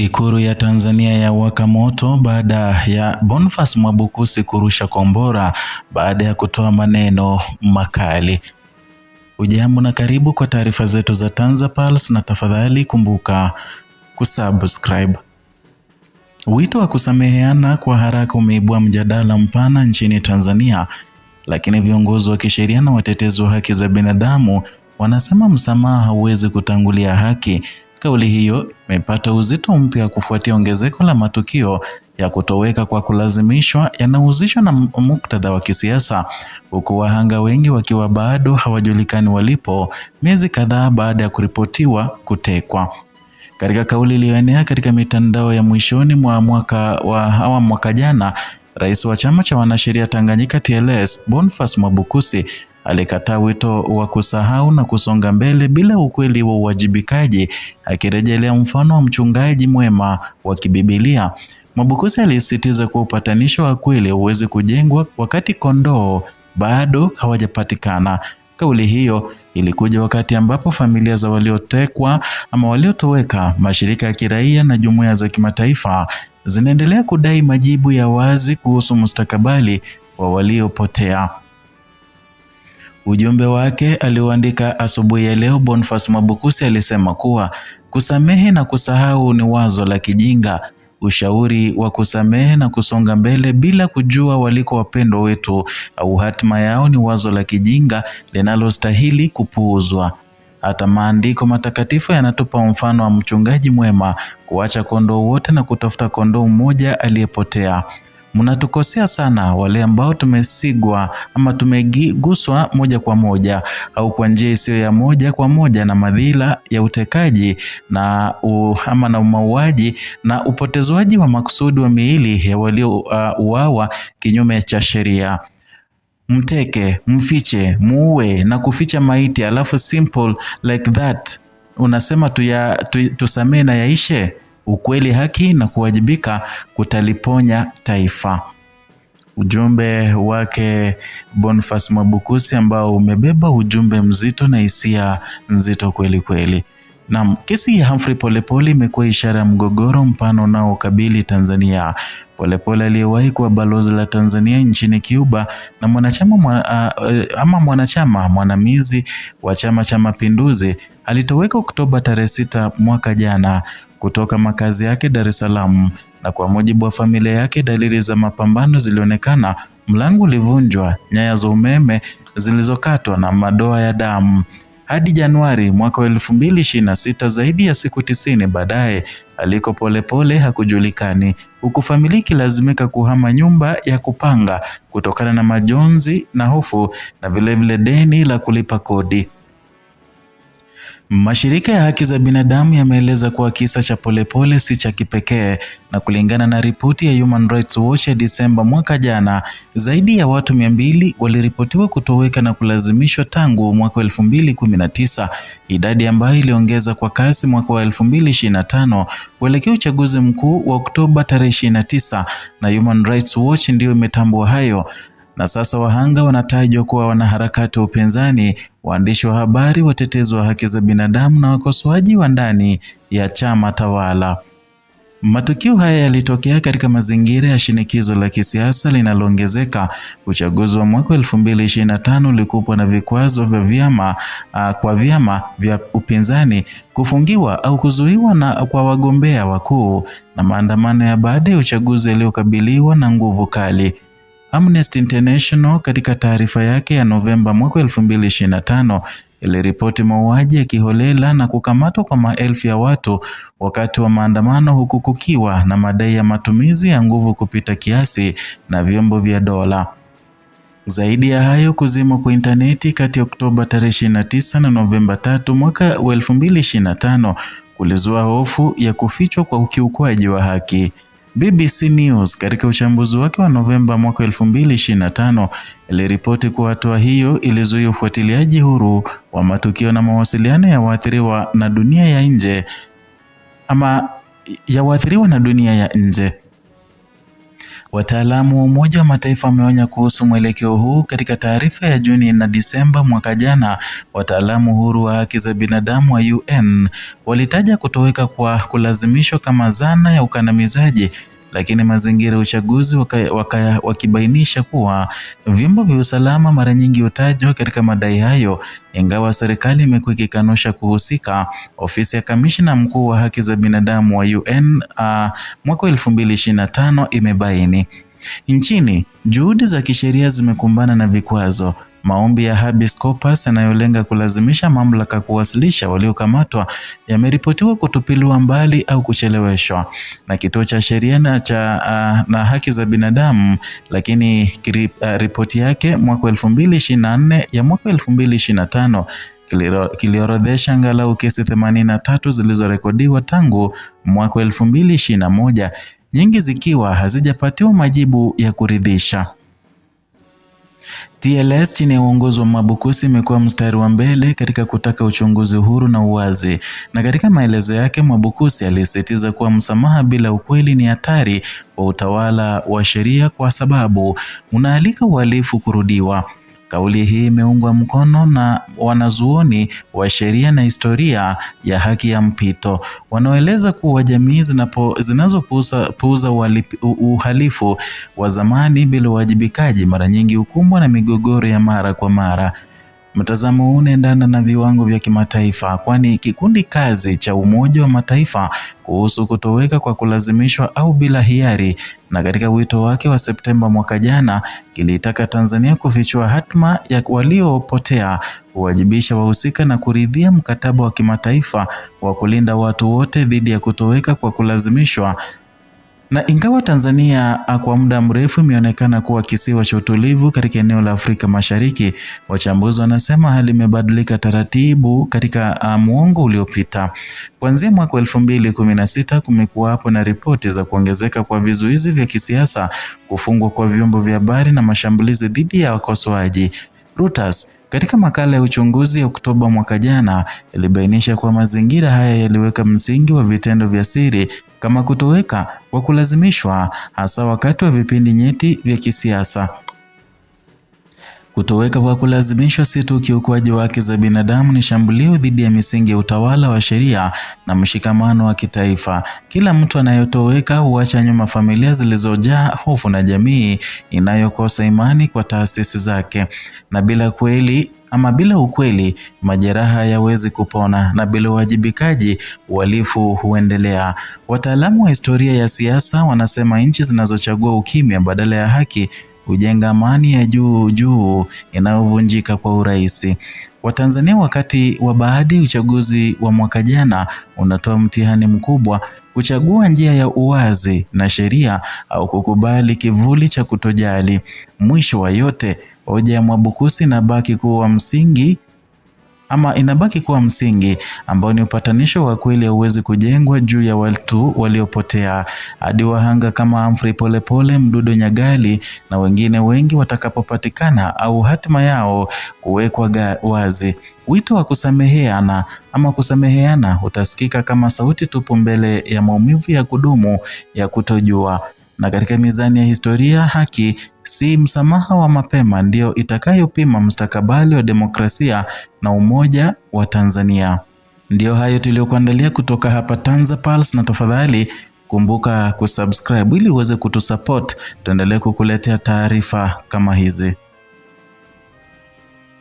Ikulu ya Tanzania ya waka moto baada ya Boniface Mwabukusi kurusha kombora baada ya kutoa maneno makali. Ujambo na karibu kwa taarifa zetu za TanzaPulse na tafadhali kumbuka kusubscribe. Wito wa kusameheana kwa haraka umeibua mjadala mpana nchini Tanzania, lakini viongozi wa kisheria na watetezi wa haki za binadamu wanasema msamaha hauwezi kutangulia haki Kauli hiyo imepata uzito mpya kufuatia ongezeko la matukio ya kutoweka kwa kulazimishwa yanahusishwa na muktadha wa kisiasa, huku wahanga wengi wakiwa bado hawajulikani walipo miezi kadhaa baada ya kuripotiwa kutekwa. Katika kauli iliyoenea katika mitandao ya mwishoni mwa mwaka wa hawa mwaka jana, rais wa chama cha wanasheria Tanganyika TLS Boniface Mwabukusi Alikataa wito wa kusahau na kusonga mbele bila ukweli wa uwajibikaji, akirejelea mfano wa mchungaji mwema wa kibibilia. Mwabukusi alisisitiza kuwa upatanisho wa kweli huwezi kujengwa wakati kondoo bado hawajapatikana. Kauli hiyo ilikuja wakati ambapo familia za waliotekwa ama waliotoweka, mashirika ya kiraia na jumuiya za kimataifa zinaendelea kudai majibu ya wazi kuhusu mustakabali wa waliopotea. Ujumbe wake aliuandika asubuhi ya leo. Boniface Mwabukusi alisema kuwa kusamehe na kusahau ni wazo la kijinga. Ushauri wa kusamehe na kusonga mbele bila kujua waliko wapendwa wetu au hatima yao ni wazo la kijinga linalostahili kupuuzwa. Hata maandiko matakatifu yanatupa mfano wa mchungaji mwema kuacha kondoo wote na kutafuta kondoo mmoja aliyepotea. Mnatukosea sana wale ambao tumesigwa ama tumeguswa moja kwa moja au kwa njia isiyo ya moja kwa moja na madhila ya utekaji na ama na mauaji na upotezwaji wa makusudi wa miili ya waliouawa uh, kinyume cha sheria. Mteke, mfiche, muue na kuficha maiti alafu simple like that unasema tuya, tu, tusamee na yaishe ukweli, haki na kuwajibika kutaliponya taifa. Ujumbe wake Boniface Mwabukusi ambao umebeba ujumbe mzito na hisia nzito kweli kweli. Naam, kesi ya Humphrey Polepole imekuwa ishara ya mgogoro mpana unaokabili Tanzania. Polepole aliyewahi kuwa balozi la Tanzania nchini Cuba na mwanachama mwana, ama mwanachama mwanamizi wa Chama cha Mapinduzi alitoweka Oktoba tarehe sita mwaka jana kutoka makazi yake Dar es Salaam, na kwa mujibu wa familia yake, dalili za mapambano zilionekana: mlango ulivunjwa, nyaya za umeme zilizokatwa na madoa ya damu. Hadi Januari mwaka wa elfu mbili ishirini na sita, zaidi ya siku tisini baadaye, aliko Polepole hakujulikani, huku familia ikilazimika kuhama nyumba ya kupanga kutokana na majonzi na hofu na vilevile vile deni la kulipa kodi. Mashirika ya haki za binadamu yameeleza kuwa kisa cha Polepole si cha kipekee na kulingana na ripoti ya Human Rights Watch ya Disemba mwaka jana, zaidi ya watu 200 waliripotiwa kutoweka na kulazimishwa tangu mwaka 2019, idadi ambayo iliongeza kwa kasi mwaka wa 2025 kuelekea uchaguzi mkuu wa Oktoba tarehe 29, na Human Rights Watch ndiyo imetambua hayo na sasa wahanga wanatajwa kuwa wanaharakati wa upinzani, waandishi wa habari, watetezi wa haki za binadamu na wakosoaji wa ndani ya chama tawala. Matukio haya yalitokea katika mazingira ya shinikizo la kisiasa linaloongezeka. Uchaguzi wa mwaka 2025 ulikupwa na vikwazo vya vyama uh, kwa vyama vya upinzani kufungiwa au kuzuiwa na kwa wagombea wakuu na maandamano ya baada ya uchaguzi yaliyokabiliwa na nguvu kali. Amnesty International katika taarifa yake ya Novemba mwaka 2025 iliripoti mauaji ya kiholela na kukamatwa kwa maelfu ya watu wakati wa maandamano huku kukiwa na madai ya matumizi ya nguvu kupita kiasi na vyombo vya dola. Zaidi ya hayo, kuzimwa kwa intaneti kati ya Oktoba tarehe 29 na Novemba 3 mwaka 2025 kulizua hofu ya kufichwa kwa ukiukwaji wa haki. BBC News katika uchambuzi wake wa Novemba mwaka 2025 iliripoti kuwa hatua hiyo ilizuia ufuatiliaji huru wa matukio na mawasiliano ya waathiriwa na dunia ya nje ama ya waathiriwa na dunia ya nje. Wataalamu wa Umoja wa Mataifa wameonya kuhusu mwelekeo huu katika taarifa ya Juni na Disemba mwaka jana. Wataalamu huru wa haki za binadamu wa UN walitaja kutoweka kwa kulazimishwa kama zana ya ukandamizaji lakini mazingira ya uchaguzi wakibainisha kuwa vyombo vya usalama mara nyingi hutajwa katika madai hayo, ingawa serikali imekuwa ikikanusha kuhusika. Ofisi ya kamishna mkuu wa haki za binadamu wa UN uh, ah, mwaka 2025 imebaini nchini, juhudi za kisheria zimekumbana na vikwazo Maombi ya habeas corpus yanayolenga kulazimisha mamlaka kuwasilisha waliokamatwa yameripotiwa kutupiliwa mbali au kucheleweshwa na Kituo cha Sheria na cha uh, na Haki za Binadamu, lakini kirip, uh, ah, ripoti yake mwaka 2024 ya mwaka 2025 kiliorodhesha angalau kesi 83 zilizorekodiwa tangu mwaka 2021, nyingi zikiwa hazijapatiwa majibu ya kuridhisha. TLS chini ya uongozi wa Mwabukusi imekuwa mstari wa mbele katika kutaka uchunguzi huru na uwazi. Na katika maelezo yake, Mwabukusi alisisitiza kuwa msamaha bila ukweli ni hatari kwa utawala wa sheria kwa sababu unaalika uhalifu kurudiwa. Kauli hii imeungwa mkono na wanazuoni wa sheria na historia ya haki ya mpito, wanaoeleza kuwa jamii zinazopuuza uhalifu wa zamani bila uwajibikaji mara nyingi hukumbwa na migogoro ya mara kwa mara. Mtazamo huu unaendana na viwango vya kimataifa kwani kikundi kazi cha Umoja wa Mataifa kuhusu kutoweka kwa kulazimishwa au bila hiari na katika wito wake wa Septemba mwaka jana kilitaka Tanzania kufichua hatma ya waliopotea, kuwajibisha wahusika na kuridhia mkataba wa kimataifa wa kulinda watu wote dhidi ya kutoweka kwa kulazimishwa na ingawa Tanzania ah, kwa muda mrefu imeonekana kuwa kisiwa cha utulivu katika eneo la Afrika Mashariki, wachambuzi wanasema hali imebadilika taratibu katika ah, muongo uliopita. Kuanzia mwaka elfu mbili kumi na sita kumekuwapo na ripoti za kuongezeka kwa vizuizi vya kisiasa, kufungwa kwa vyombo vya habari na mashambulizi dhidi ya wakosoaji. Reuters katika makala ya uchunguzi ya Oktoba mwaka jana ilibainisha kuwa mazingira haya yaliweka msingi wa vitendo vya siri kama kutoweka kwa kulazimishwa, hasa wakati wa vipindi nyeti vya kisiasa. Kutoweka kwa kulazimishwa si tu ukiukwaji wa haki za binadamu, ni shambulio dhidi ya misingi ya utawala wa sheria na mshikamano wa kitaifa. Kila mtu anayetoweka huacha nyuma familia zilizojaa hofu na jamii inayokosa imani kwa taasisi zake. Na bila kweli ama bila ukweli, majeraha hayawezi kupona na bila uwajibikaji, uhalifu huendelea. Wataalamu wa historia ya siasa wanasema nchi zinazochagua ukimya badala ya haki hujenga amani ya juu juu inayovunjika kwa urahisi. Watanzania wakati wa baadhi uchaguzi wa mwaka jana unatoa mtihani mkubwa kuchagua njia ya uwazi na sheria au kukubali kivuli cha kutojali. Mwisho wa yote, hoja ya Mwabukusi inabaki kuwa msingi ama inabaki kuwa msingi ambao ni upatanisho wa kweli hauwezi kujengwa juu ya watu waliopotea hadi wahanga kama Humphrey Polepole, Mdudo Nyagali na wengine wengi watakapopatikana au hatima yao kuwekwa wazi. Wito wa kusameheana ama kusameheana utasikika kama sauti tupu mbele ya maumivu ya kudumu ya kutojua na katika mizani ya historia haki si msamaha wa mapema ndio itakayopima mustakabali wa demokrasia na umoja wa Tanzania. Ndiyo hayo tuliyokuandalia kutoka hapa Tanza Pulse, na tafadhali kumbuka kusubscribe ili uweze kutusupport tuendelee kukuletea taarifa kama hizi.